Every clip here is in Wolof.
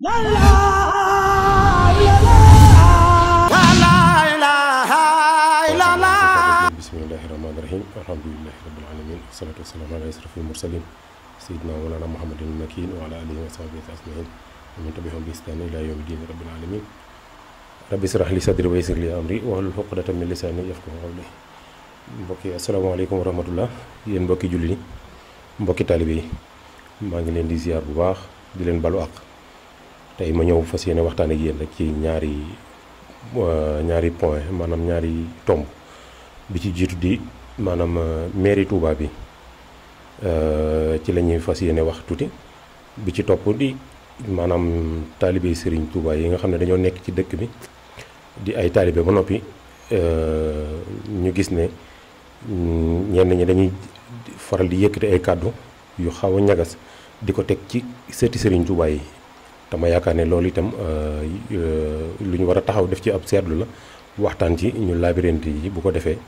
bismillahi rahmaani rahim alhamdulilahi rabbil alamin wasalaatu wasalaamu ala asrafil mursalin sayidina walana muhammadin makin wa ala alihi wa sahbihi ajmain wa man tabiahum bi ihsaan ila yawmi din rabbil alamin rabbi israh li sadri wa yassir li amri wahlul uqdatan min lisani yafqahu qawli mbokki asalaamaaleykum wa rahmatullah yéen mbokki julli ni mbokki taalibe yi maa ngi leen di ziar bu baax di leen balu àq tey ma ñëw fas yéene waxtaan yéen rek ci ñaari euh, ñaari point maanaam ñaari tomb bi ci jiitu di maanaam euh, mairie Touba bi euh, ci la ñuy fas yéene wax tuuti bi ci topp di maanaam taalibe sëriñ Touba yi nga xam ne dañoo nekk ci dëkk bi di ay taalibe ba noppi ñu gis ne ñenn ñi dañuy faral di yëkkati ay kàddu yu xaw a ñagas di ko teg ci sëti Serigne Touba yi te yaakaar ne loolu itam euh, euh, lu ñu war a taxaw def ci ab seetlu la waxtaan ci ñu labyrinthe yi bu ko defee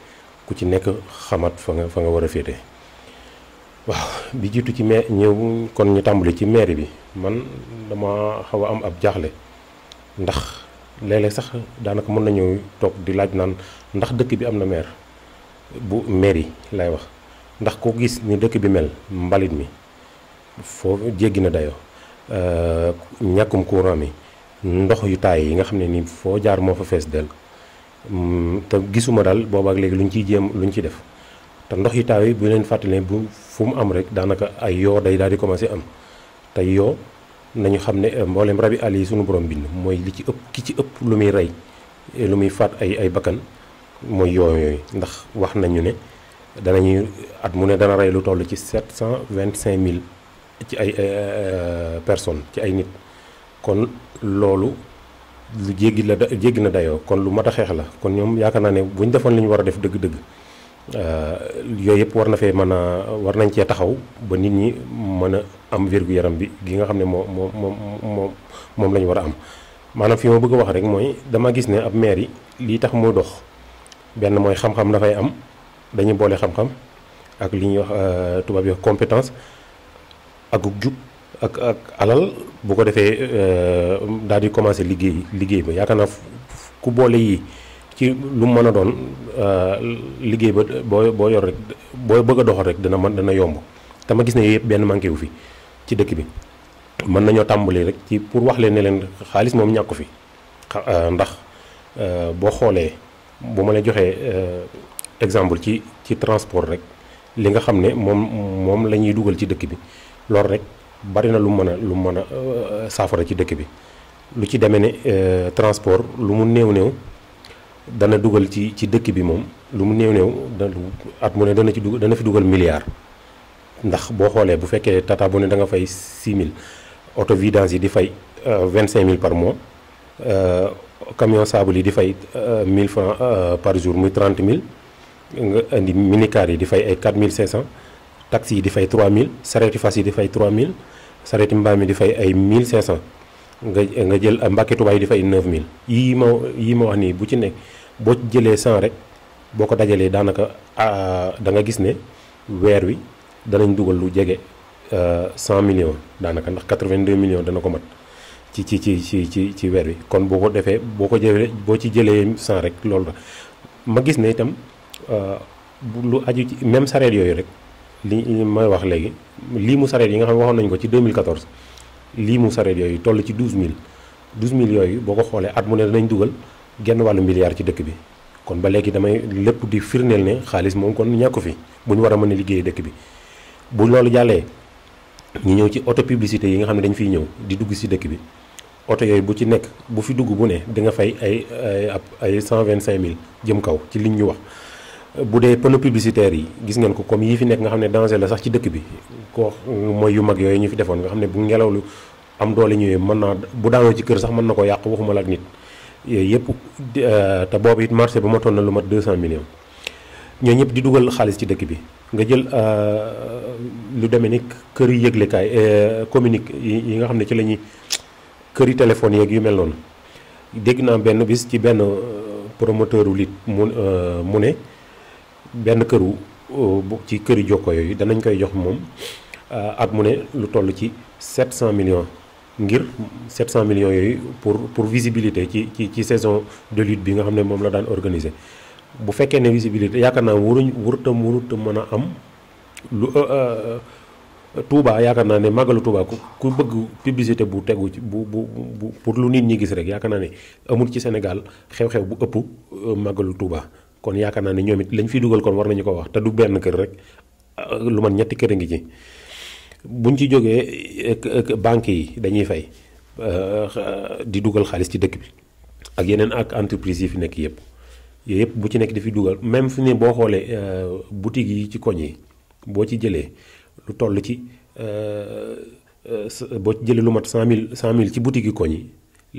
ku ci nekk xamaat fa nga fa nga war féete waaw bi jiitu ci ma ñëw kon ñu tàmbali ci mairie bi man dama xaw a am ab jaaxle ndax léeg sax daanaka mën nañu toog di laaj naan ndax dëkk bi am na maire bu mairie lay wax ndax ko gis ni dëkk bi mel mbalit mi foo jéggi na dayoo Euh, ñàkkum courant mi ndox yu taay yi nga xam ne ni foo jaar moo fa fees del mm, te gisuma daal boobaak léegi lu ñu ciy jéem lu ñu ci def te ndox yu taay yi bu leen fàttali bu fu mu am rek daanaka ay yoo day daal di commencé am te yoo nañu xam ne euh, mboolem rabi àll yi suñu borom bind mooy li ci ëpp ki ci ëpp lu muy rey lu muy fàtt ay ay bakkan mooy yoo yooyu ndax wax nañu ne danañuy at mu ne dana rey lu toll ci sept cent vingt cinq mille ci ay eh, eh, personnes ci ay nit kon loolu lu jéggi la jéggi na dayoo kon lu mat a xeex la kon ñoom yaakaar naa ne bu ñu defoon li war a def dëgg-dëgg eh, yooyu yëpp war na fee mën a war nañ cee taxaw ba nit ñi mën a am wérgu yaram bi gi nga xam ne moo moo moom moom la ñu war a am maanaam fi ma bëgg a wax rek mooy dama gis ne ab maire yi lii tax muy dox benn mooy xam-xam dafay am dañuy boole xam-xam ak li ñuy wax tubaab yi compétence ak ak ak alal bu ko euh daal di commencer liguey liguey ba yakana ku bolé yi ci lu mëna a euh liguey ba bo yor rek bo bëgg dox rek dana man dana yomb te ma gis ne yépp ben manké wu fi ci dëkk bi mën nañu tambulé rek ci pour wax leen ne leen xaalis moom fi euh, ndax euh, bo xolé bu ma joxé euh exemple ci ci transport rek li nga xamné mom mom lañuy duggal ci dëkk bi loolu rek bari na lu mën a lu mën a euh, saafara ci dëkk bi lu ci demee ne euh, transport lu mu néew néew dana dugal ci ci dëkk bi moom lu mu néew néew da at mu ne dana ci dugal dana fi dugal milliard ndax boo xoolee bu fekkee tata bu ne da nga fay 6000 auto vidange yi di fay euh, vingt 25000 par mois camion sable yi di fay 1000 francs par jour muy 30000 nga indi minicar yi di fay ay 4500. taxi yi di fay 3000 sareeti fas yi di fay 3000 sareeti mbaam yi di fay ay 1500 nga nga jël ah, mbàkke tubaay yi di fay 9000 yii ma yii ma wax nii bu ci nekk boo jëlee 100 rek boo ko dajalee daanaka ah, da nga gis ne weer wi danañ dugal lu jege 100 euh, millions daanaka ndax 82 millions dana ko mat ci ci ci ci ci ci weer wi kon boo ko defee boo ko jëlee boo ci jëlee 100 rek loolu la ma gis ne itam euh, lu aju ci même sareet yooyu rek. li may wax léegi lii mu sareet yi nga xam waxoon nañ ko ci 2014 lii mu sareet yooyu toll ci mille 12000 12000 yooyu boo ko xoolee at mu ne danañ dugal genn wàllu milliard ci dëkk bi kon ba léegi damay lépp di firndeel ne xaalis moom kon ñàkku fi bu ñu war a mën a liggéeyee dëkk bi bu loolu jàllee ñu ñëw ci auto publicité yi nga xam ne dañ fiy ñëw di dugg si dëkk bi oto yooyu bu ci nekk bu fi dugg bu ne di nga fay ay ay 125000 jëm kaw ci liñ ñu wax bu dee panneau yi gis ngeen ko comme yi fi nekk nga xam ne danger la sax ci dëkk bi ko mooy yu mag yooyu ñu fi defoon nga xam ne bu ngelaw lu am doole ñëwee mën naa bu daanoo ci kër sax mën na ko yàq waxuma la ak nit yooyu yëpp euh, te boobu it marché ba ma toll na lu mat 200 millions ñoo ñëpp di dugal xaalis ci dëkk bi nga jël euh, lu demee ni kër yu yëglekaay euh, communique yi nga xam ne ci la ñuy kër yi téléphone yeeg yu mel noonu dégg naa benn bis ci benn promoteur wu lit mu mu ne benn këru euh, bu ci këri jokko yooyu danañ koy jox moom euh, ak mu ne lu toll ci 700 million ngir 700 millions yooyu pour pour visibilité ci ci ci saison de lutte bi nga xam ne moom la daan organiser bu fekkee ne visibilité yaakaar naa waruñ warut a warut a mën a am lu euh, Touba yaakaar naa ne màggalu Touba ku ku bëgg publicité bu tegu ci bu bu bu pour lu nit ñi gis rek yaakaar naa ne amul ci Sénégal xew-xew bu ëpp màggalu Touba. kon yaakaar naa ne ñoom it lañ fi dugal kon war nañu ko wax te du benn kër rek lu man ñetti kër a ngi ci buñ ci jógee banque yi dañuy fay euh, di dugal xaalis ci dëkk bi ak yeneen ak entreprise yi fi nekk yëpp yooyu yëpp bu ci nekk dafiy dugal même fi ne boo xoolee euh, boutique yi ci koñ yi boo ci jëlee lu toll ci euh, boo ci jëlee lu mat cent mille cent mille ci boutique yi koñ yi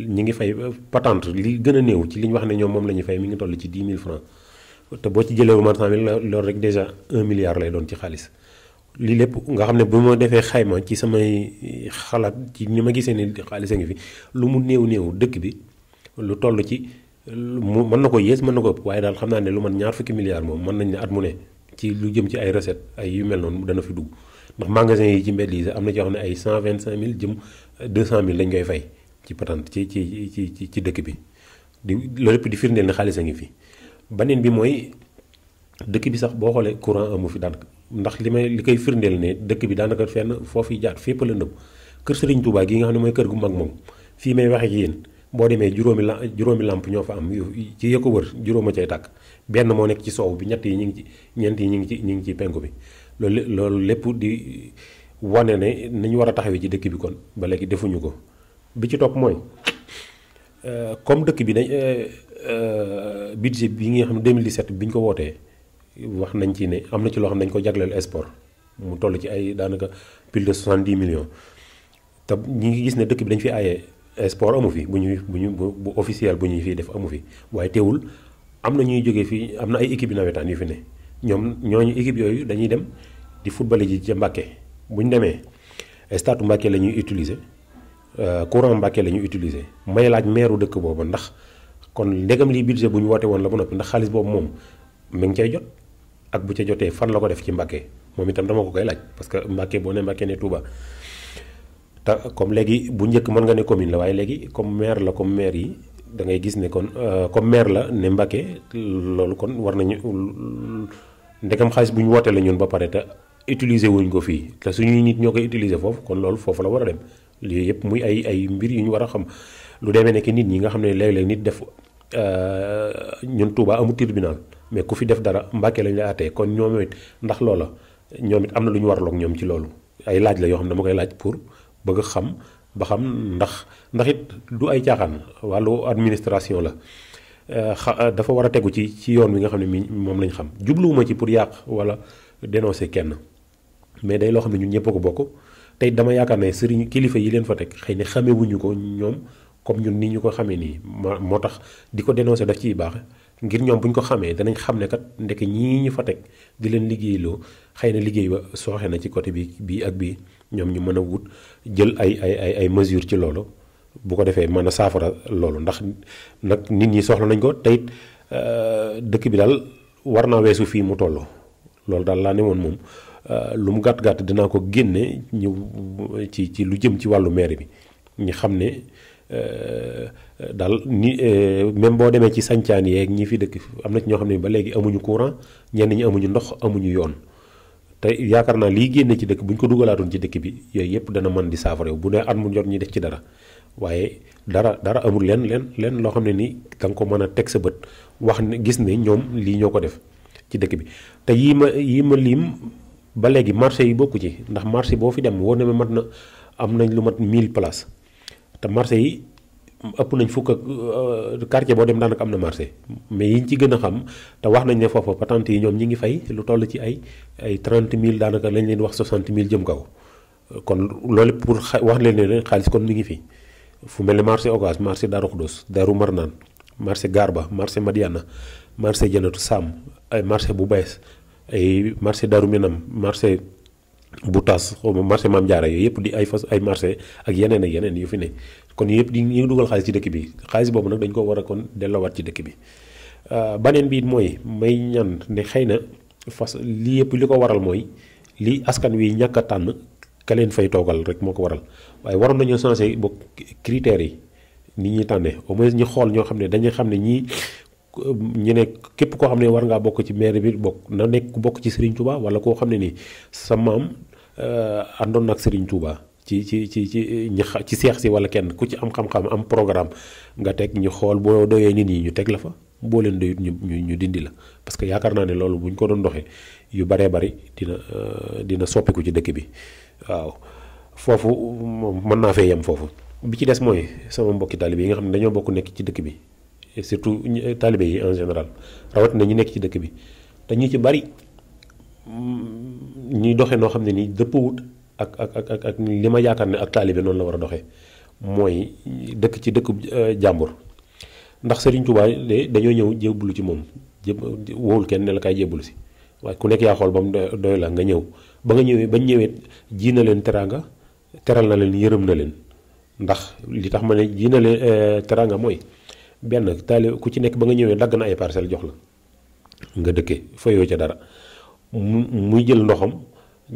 ñu ngi fay patente li gën a néew ci li ñu wax ne ñoom moom la ñuy fay ngi toll ci dix mille francs te boo ci jëlee marchand bi loolu rek déjà un milliard lay doon ci xaalis lii lépp nga xam ne bu ma defee xayma ci samay xalaat ci ni ma gisee ni xaalis a ngi fi lu mu néew néew dëkk bi lu toll ci mu mën na ko yées mën na ko ëpp waaye daal xam naa ne lu man ñaar fukki milliards moom mën nañ ne at mu ne ci lu jëm ci ay recettes ay yu mel noonu dana fi dugg ndax magasin yi ci mbedd yi am na ci xam ne ay cent vingt cinq mille jëm deux cent mille lañ koy fay ci patente ci ci ci ci dëkk bi di loolu lépp di firndeel ne xaalis a ngi fi. beneen bi mooy dëkk bi sax boo xoolee courant amu fi daanaka ndax li may li koy firndeel ne dëkk bi daanaka fenn foofu jaar fépp la nëb kër Serigne Touba gi nga xam ne mooy kër gu mag moom fii may waxe yéen boo demee juróomi la juróomi làmp ñoo fa am ci yëkko wër juróoma cay tàkk benn moo nekk ci soow bi ñett yi ñu ngi ci ñeent yi ñu ngi ci ñu ngi ci penku bi loolu loolu lépp di wane ne nañu war a taxawee ci dëkk bi kon ba léegi defuñu ko bi ci topp mooy euh, comme dëkk bi dañ euh, Euh, budget bi nga xam ne 2017 bi ñu ko wootee wax nañ ci ne am na ci loo xam ne dañ ko jagleel sport mu toll ci ay daanaka plus de 70 millions te ñi ngi gis ne dëkk bi dañ fi aaye sport amu fi bu ñuy bu ñu bu officiel bu ñuy fii def amu fi waaye teewul am na ñuy jógee fii am na ay équipe yu nawetaan yu fi ne ñoom ñooñu équipe yooyu dañuy dem di football ji ca Mbàkke bu ñu demee stade Mbàkke la ñuy utiliser euh, courant Mbàkke la ñuy utiliser may laaj meeru dëkk boobu ndax kon ndegam lii budget bu ñu woote woon la ba noppi ndax xaalis boobu moom mi ngi cay jot ak bu ca jotee fan la ko def ci Mbàkke moom itam dama ko koy laaj parce que Mbàkke boo ne Mbàkke ne Touba ta comme léegi bu njëkk mën nga ne commune la waaye léegi comme maire la comme maire yi da ngay gis ne kon euh, comme maire la ne Mbàkke loolu kon war nañu ndegam xaalis buñ ñu wootee la ba pare te utiliser wuñ ko fii te suñuy nit ñoo koy utiliser foofu kon loolu foofu la war dem lii yëpp muy ay ay mbir yu ñu war a xam lu demee nekk nit ñi nga xam ne léeg nit def. Euh, ñun Touba amul tribunal mais ku fi def dara Mbàkke lañ la àttee kon ñoom ndax loola ñoom it am na lu ñu war warloog ñoom ci loolu ay laaj la yoo xam ne dama koy laaj pour bëgg xam ba xam ndax ndax it du ay caaxaan wàllu administration la euh, xa euh, dafa war a tegu ci ci yoon wi nga xam ne mi moom lañ xam jubluwuma ci pour yàq wala dénoncer kenn mais day loo xam ne ñu ñëpp ko bokk tey dama yaakaar ne sëriñ kilifa yi leen fa teg xëy na xamewuñu ko ñoom comme ñun nii ñu ko xamee nii ma moo tax di ko dénoncé daf ciy baax ngir ñoom bu ñu ko xamee danañ xam ne kat ndekk ñii ñu fa teg di leen liggéeyloo xëy na liggéey ba sooxee na ci côté bi bii ak bii ñoom ñu mën a wut jël ay ay ay ay mesures ci loolu bu ko defee mën a saafara loolu ndax nag nit ñi soxla nañ ko teyit euh, dëkk bi daal war naa weesu fii mu tolloo loolu daal laa ne woon moom euh, lu mu gàtt gàtt dinaa ko génne ñu ci ci lu jëm ci wàllu maire bi Euh, dal ni euh, même boo demee ci santiane yeeg ñi fi dëkk am na ci ñoo xam ne ba léegi amuñu courant ñenn ñi amuñu ndox amuñu yoon te yaakaar naa lii génne ci dëkk buñ ko dugalaatoon ci dëkk bi yooyu yëpp dana mën di saafara bu dee at mu jot ñi def ci dara waaye dara dara amul leen leen leen loo xam ne ni da ko mën a teg sa bët wax ne gis ne ñoom lii ñoo ko def ci dëkk bi te yi ma yi ma lim ba léegi marché yi bokku ci ndax marché boo fi dem woo ne ma mat na am nañ lu mat 1000 places te marché yi ëpp nañ fukk ak euh, quartier boo dem daanaka am na marché mais yiñ ci gën a xam te wax nañ ne foofa patente yi ñoom ñi ngi fay lu toll ci ay ay mille daanaka lañ leen wax 60 000 jëm kaw kon loolu pour wax leen ne xaalis kon mi ngi fi fu mel ne marché Ocass marché Darou Khoudoss Darou Marnaan marché Garba marché Madiana marché Janatu Sam ay marché bu bees ay marché Darou Minam marché. bu tas xaw ma marché maam jaara yooyu yëpp di ay fas ay marché ak yeneen ak yeneen yu fi ne kon yëpp di ñu dugal xaalis ci dëkk bi xaalis boobu nag dañ ko war kon delloowaat ci dëkk bi euh, baneen bi it mooy may ñan ne xëy na fas li yëpp li ko waral mooy li askan wi ñàkk tànn ka fay toogal rek moo ko waral waaye waroon nañoo changé ba critères yi nit ñuy tànnee au moins ñu xool ñoo xam ne dañuy xam ne ñii ñu ne képp koo xam ne war ngaa bokk ci maire bi bokk na nekk ku bokk ci Serigne Touba wala koo xam ne ni sa maam euh, àndoon nag Serigne Touba ci ci ci ci ñi ci Cheikh si wala kenn ku ci am xam-xam am programme nga teg ñu xool boo doyee nit ñi ñu teg la fa boo leen doyut ñu ñu ñu dindi la parce que yaakaar naa ne loolu buñ ko doon doxee yu bare bari dina euh, dina soppiku ci dëkk bi waaw foofu man mën naa fee yem foofu bi ci des mooy sama mbokki taalibe yi nga xam ne dañoo bokk ci dëkk bi. surtout euh, taalibe yi en général rawat na ñu nekk ci dëkk bi dañu ci bari mm, ñuy doxe noo xam ne nii dëppwut ak ak ak ak ak li ma yaakaar ne ak taalibe noonu la war a doxe mooy dëkk ci dëkk euh, jàmbur ndax Serigne Touba de dañoo ñëw jébbalu ci moom jé wowul kenn ne la kaay jébbalu si waaye ku nekk yaa xool ba mu doy la nga ñëw ba nga ñëwee bañ ñëwee ji na leen teraanga teral na leen yërëm na leen ndax li tax ma ne ji na leen euh, teraanga mooy benn taali ku ci nekk ba nga ñëwee dagg na ay parcelles jox la nga dëkkee fayoo ca dara muy jël ndoxam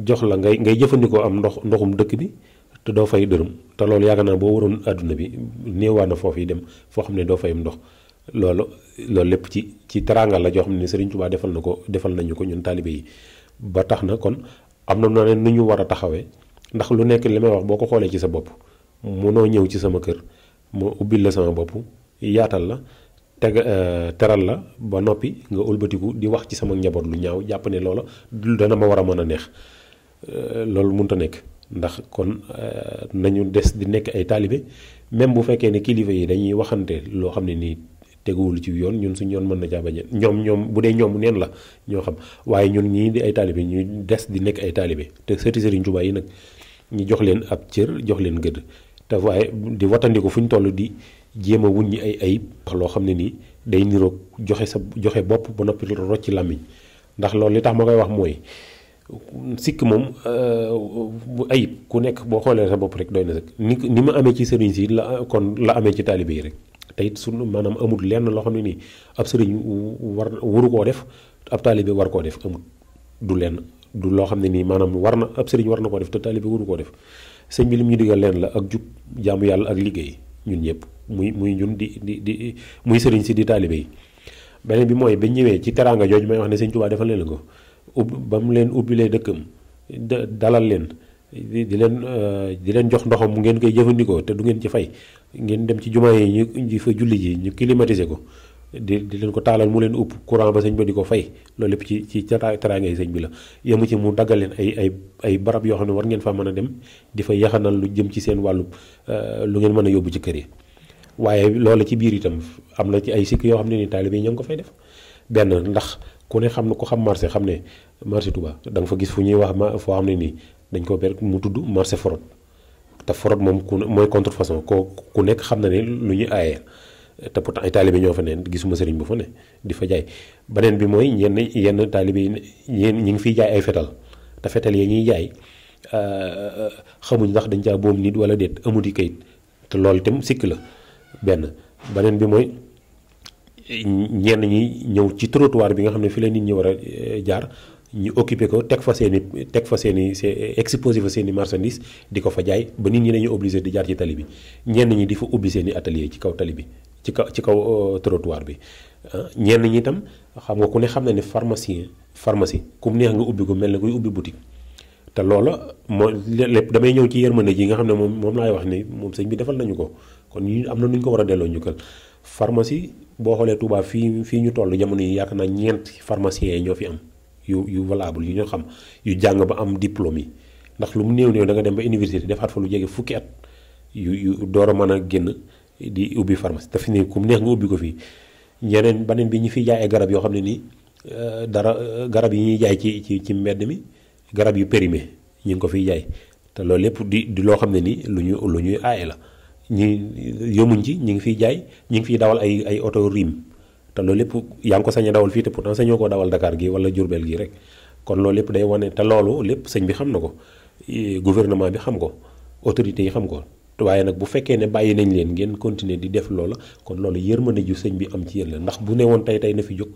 jox la ngay ngay jëfandikoo am ndox ndoxum dëkk bi te doo fay dërëm te loolu yaakaar naa boo waroon àdduna bi néewaa na foofu yi dem foo xam ne doo ndox loolu loolu lépp ci ci teraanga la joo xam ne Sëriñ defal na ko defal nañu ko ñun taalibe yi ba tax na kon am na ne nu ñu war a taxawee ndax lu nekk li may wax boo ko xoolee ci sa bopp ñëw ci sama kër ma ubbil la sama bopp yaatal la teg euh, teral la ba noppi nga ëlbatiku di wax ci sama njaboot lu ñaaw jàpp ne loola dana ma war a mën a neex euh, loolu mun a nekk ndax kon euh, nañu des di nekk ay taalibe même bu fekkee ne kilifa yi dañuy waxante loo xam ne nii teguwul ci yoon ñun suñu yoon mën na caa ñoom ñoom bu dee ñoom neen la ñoo xam waaye ñun ñii di ay taalibe ñuy des di nekk ay taalibe te sëti Sëriñ Tuubaa yi nag ñu jox leen ab cër jox leen gëdd te waaye di watandiku fu ñu toll di jéem wuñ ñi ay ayib loo xam ne nii day niroog joxe sa joxe bopp ba noppi rocci làmmiñ ndax loolu li tax ma koy wax mooy sikk moom bu euh, ayib ku nekk boo xoolee sa bopp rek doy na rek ni ni mu amee ci sëriñ si la kon la amee ci taalibe yi rek te it sunu maanaam amul lenn loo xam ne nii ab sëriñ war waru koo def ab taalibe war koo def amul du lenn du loo xam ne nii maanaam war na ab sëriñ war na koo def te taalibe waru koo def sëñ bi lim ñu digal leen la ak jub jàmm yàlla ak liggéey ñun ñëpp muy muy ñun di di di muy sëriñ si di taalibe yi beneen bi mooy ba ñëwee ci teraanga jooju may wax ne sëñ Tuubaa defal leen ko ub ba mu leen ubbilee dëkkam dalal leen di leen euh, di leen jox ndoxam mu ngeen koy jëfandikoo te du ngeen ci fay ngeen dem ci jumaa yi ñu fa julli ji ñu climatiser ko di di leen ko taalal mu leen upp courant ba sëñ ba di ko fay loolu lépp ci ci teraangay sëñ bi la yemu ci mu daggal leen ay barab yoo xam ne war ngeen fa mën a dem di fa yaxanal lu jëm ci seen wàllu euh, lu ngeen mën a yóbbu ci kër yi waaye loolu ci biir itam am na ci ay sikk yoo xam ne nii taalibe yi ñoo ngi ko fay def benn ndax ku ne xam na ko xam marché xam ne marché Touba danga fa gis fu ñuy wax ma foo xam ne nii dañ ko ber mu tudd marché forot te forot moom ku mooy contrefaçon ko ku nekk xam na ne lu ñuy aaye te pourtant ay talibé ñoo fa né gisuma sëriñ bu fa né di fa jaay beneen bi moy ñen yenn talibé ñen yéen ñi ngi fiy jaay ay fétal ta fétal yi ya ñi jaay euh, xamuñ ndax dañ ca boom nit wala dét amuti kayit té lool tém sik la benn beneen bi moy ñen ñi ñew ci trottoir bi nga xamné fi la nit ñi wara euh, jaar ñu occupé ko tek fa seen tek fa seen c'est exposé fa marchandise di fa jaay ba nit ñi dañu obligé di jaar ci tali bi ñi di fa ubbi seen atelier ci kaw tali ci kaw ci kaw euh, trottoir bi euh, ñenn ñi tam xam nga ku ne xam na ne pharmacie pharmacie kum neex nga ubbi ko mel ne koy ubbi boutique te loola moo lépp damay ñëw ci yërmande ji nga xam ne moom moom laay wax ni moom sëñ bi defal nañu ko kon ñu am na nuñ ko war a delloo ñu kël pharmacie boo xoolee Touba fii fii ñu toll jamono yi yaakaar naa ñeent pharmacien yi ñoo fi am yu yu valable yu ñu xam yu jàng ba am diplôme yi ndax lu mu néew néew da nga dem ba université defaat fa lu jege fukki at yu yu door a mën a génn di ubbi pharmacie te fi ne ku neex nga ubbi ko fii ñeneen beneen bi ñu fiy jaay ay garab yoo xam ne nii euh, dara euh, garab yi ñuy jaay ci ci ci mbedd mi garab yu périmé ñu ngi ko fiy jaay te loolu lépp di loo xam ne nii lu ñu lu ñuy aaye la ñi yomuñ ci ñu ngi fiy jaay ñu ngi fiy dawal ay ay oto riim te loolu lépp yaa ngi ko sañ dawal fii te pourtant sañoo ko dawal dakaar gi wala Jurbel gi rek kon loolu lépp day wane te loolu lépp sëñ bi xam na ko gouvernement bi xam ko autorité yi xam ko waaye nag bu fekkee ne bàyyi nañ leen ngeen continuer di def loola kon loolu yërmande ju sëñ bi am ci yéen la ndax bu ne woon tey tey na fi jóg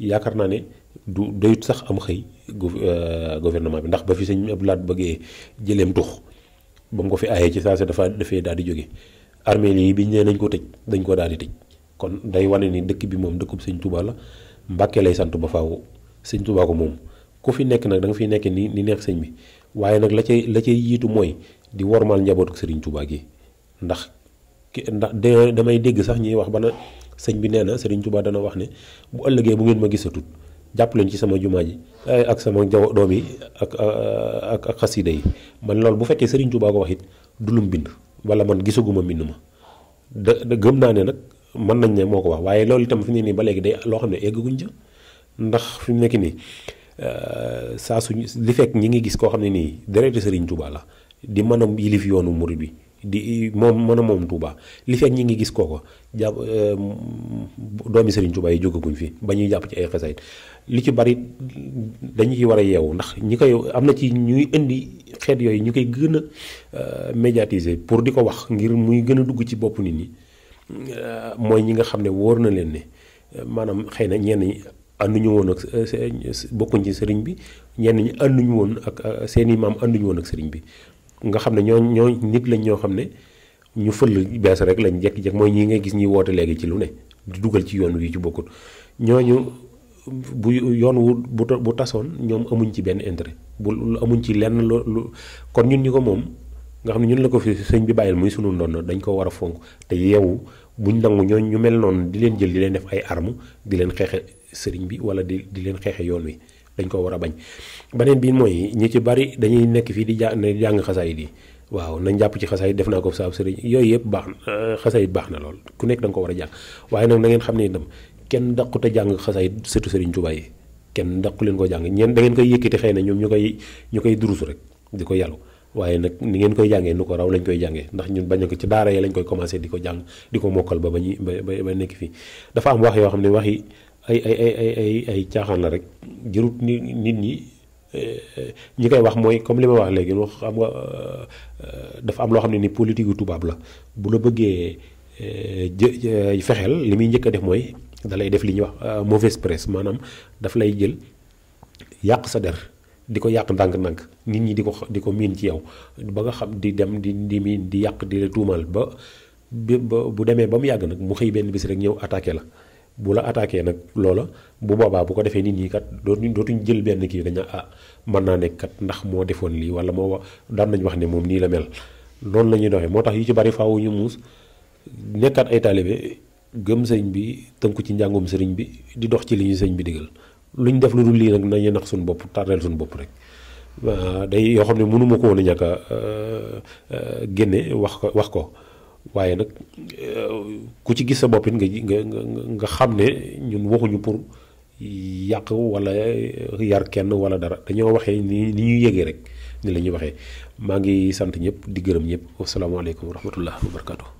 yaakaar naa ne du doyut sax am xëy euh, gouvernement bi ndax ba fi sëñ Abdou Lahad bëggee jëleem tux ba ko fi aayee ci saa si dafa dafee daal di jóge armée yi biñ nee nañ ko tëj dañ ko daal di tëj kon day wane ni dëkk bi moom dëkkub sëñ Touba la Mbàkke lay sant ba faw sëñ Touba ko moom ku fi nekk nag danga nga fiy nekk ni ni neex sëñ bi waaye nag la cay la cay yiitu mooy di wormaal njabootu sëriñ Touba gi ndax ki ndax damay dégg sax ñuy wax ba na sëñ bi nee na Serigne Touba dana wax ne bu ëllëgee bu ngeen ma gisatut jàpp leen ci sama jumaa ji ak sama jaw doom yi ak ak ak xasida man loolu bu fekkee Serigne Touba ko du lum bind wala man gisaguma mbind ma da gëm naa ne nag mën nañ ne moo ko wax waaye loolu itam fi ne nii ba léegi day loo xam ne eggaguñ ca ndax fi mu nekk nii. Euh, saa suñu li fekk ñi ngi gis koo xam ne nii deret Serigne Touba la di mën a yilif yoonu murid bi di moom mën a moom Touba li fekk ñi ngi gis kooko jàpp euh, doomi Serigne Touba yi jógaguñ fi ba ñuy jàpp ci ay li ci bari dañu ci war a yeewu ndax ñi koy am na ci ñuy indi xeet yooyu ñu koy gën a euh, médiatiser pour di ko wax ngir muy gën a dugg ci bopp nit ñi mooy ñi nga xam ne wóor na leen ne maanaam xëy na ñenn ñi ànduñu woon ak euh, bokkuñ ci sëriñ bi ñenn ñi ànduñu woon ak euh, seen i maam ànduñu woon ak sëriñ bi nga xam ne ñoo ñoo nit lañ ñoo xam ne ñu fël bees rek lañ jekk-jekk mooy ñi ngay gis ñuy woote léegi ci lu ne di dugal ci yoon wi ci bokkul ñooñu bu yoon wu bu tasoon ñoom amuñ ci benn intérêt bu amuñ ci lenn lu kon ñun ñi ko moom nga xam ne ñun la ko fi sëñ bi bàyyil muy sunu ndono dañ ko war a fonk te yeewu buñ nangu ñooñ ñu mel noonu di leen jël di leen def ay arme di leen xeexe sëriñ bi wala di di leen xeexe yoon wi dañ ko war a bañ beneen bi mooy ñi ci bari dañuy nekk fii di jàng jàng xasaayit yi waaw nañ jàpp ci xasaayit def naa ko saabu sëriñ yooyu yëpp baax na euh, xasaayit baax na lool ku nekk da ko war a jàng waaye nag na ngeen xam ne itam kenn a jàng xasaayit surtout sëriñ Tuubaa yi kenn daqu leen ko jàng ñeen da ngeen koy yëkkati xëy na ñoom ñu koy ñu koy durusu rek di ko yàllu waaye nag ni ngeen koy jàngee ko raw lañ koy jàngee ndax ñun bañ ko ci daara yi lañ koy commencé di ko jàng di ko mokkal ba ba ñu ba ba nekk fii dafa am wax yoo xam ne waxi ay ay ay ay ay ay caaxaan la rek jërut ni nit ñi eh, eh, ñi koy wax mooy comme li ma wax léegi wax xam nga eh, dafa am loo xam ne ni politique tubaab la bu la bëggee jë fexeel li muy njëkk a def mooy da def li ñuy wax euh, mauvaise presse maanaam daf lay jël yàq sa der di ko yàq ndànk-ndànk nit ñi di ko di ko miin ci yow ba nga xam di dem di di miin di yàq di la tuumaal ba ba bu demee ba mu yàgg nag mu xëy benn bis rek ñëw attaqué la. bu la attaqué nag loola bu boobaa bu ko defee nit ñi kat dootuñ dootuñ jël benn kii dañu ah mën naa nekk kat ndax moo defoon lii wala moo wax daan nañu wax ne moom nii la mel noonu la ñuy doxee moo tax yu ci bari faaw ñu muus nekkaat ay taalibe gëm sëñ bi tënku ci njàngum sëriñ bi di dox ci li ñu sëriñ bi digal ñu def lu dul lii nag nañu nax suñu bopp tardeel suñu bopp rek day yoo xam ne mënuma ko woon a ñàkk a euh, euh, génne wax ko wax ko. waaye nag euh, ku ci gis sa bopp nga nga nga nga xam ne ñun waxuñu pour yàq wala yar kenn wala dara dañoo waxee ni ni ñuy yëgee rek ni la ñuy waxee maa ngi sant ñëpp di gërëm ñëpp wasalaamaaleykum wa rahmatullah wa barakatu